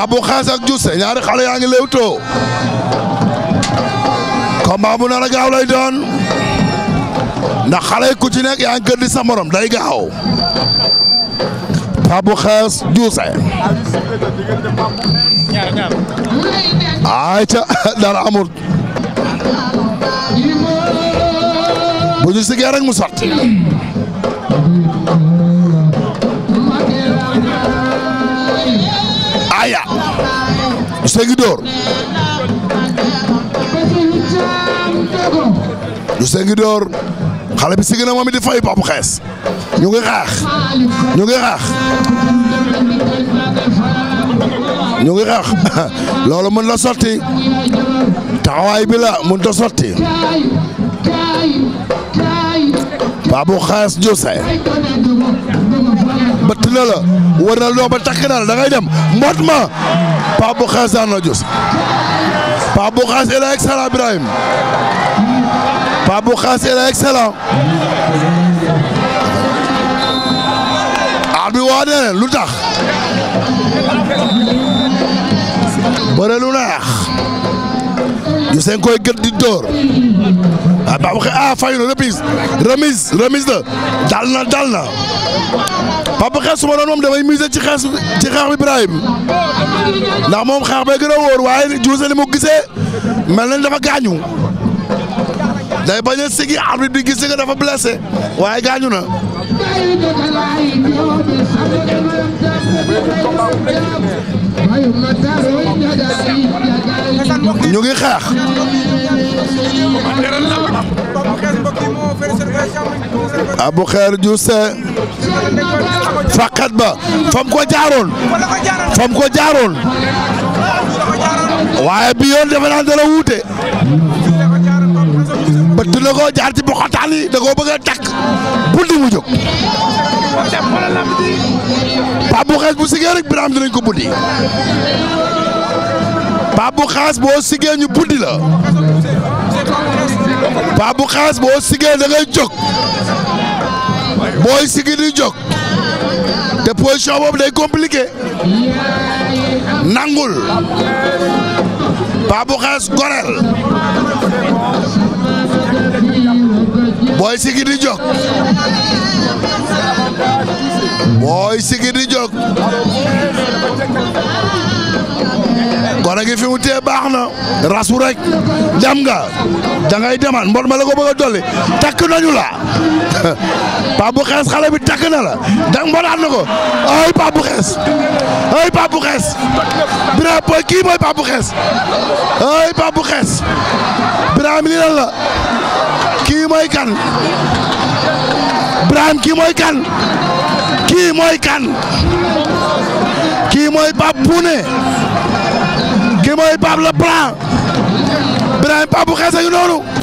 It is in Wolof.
Babou Xees ak Juuse ñaari xale yaa ngi lewtoo combat bu nar a gaaw lay doon ndax xale yi ku ci nekk yaa ngi gën di sa morom day gaaw Babou Xees Juuse ay ca dara amul bu ñu sigee rek mu sotti Ségi Dóor du Ségi Dóor xale bi sigi na moom it di fay Pape Xees ñu ngi xaax ñu ngi xaax ñu ngi xaax loolu mën la sotti taxawaay bi la mën ta sotti Pape Xees Juuse bëtt na la war na loo ba na la da ngay dem ma paa bu xees daan na jos paa bu xees il est excellent Ibrahim paa bu xees il est excellent aar bi waa nee lu tax bëre lu neex Lamine Sène koy gët di dóor ah ba ah fayu na reprise remise remise la dal na dal na Papa Xees su ma doon moom damay ci xees ci xeex Ibrahim ndax moom xeex bay gën a wóor waaye juuse li mu gisee mel nañ dafa gaañu day bañ a sigi arbitre bi gisee nga dafa blessé waaye gaañu na. ñu ngi xeex. Abu Xeer Juuse faqat ba fam ko jaaroon fam ko jaaroon waaye bi yoon defe naa dara wuute bëtt na ko jaar ci boqataan yi da koo bëgg a takk buddi mu jóg Pape bu xees bu sigee rek Birame dinañ ko buddi Pape bu xaas boo sigee buddi la Pape xaas boo sigee da ngay booy sigi di te position boobu day compliqué nangul paabu xaas gorel booy sigi di jóg booy sigi di wara gi fi mu tee baax na rasu rek dem nga da ngay mbot ma la ko a dolli takk nañu la Pape bu Xees xale na la dang mbonaat na ko ay Pape bu ay Pape bu Xees Birame kii mooy Pape bu ay Pape bu Xees Birame lan la kii mooy kan Birame kii mooy kan kii mooy kan Bune kii mooy Pape le Plan Birahim Pape bu xees a ngi noonu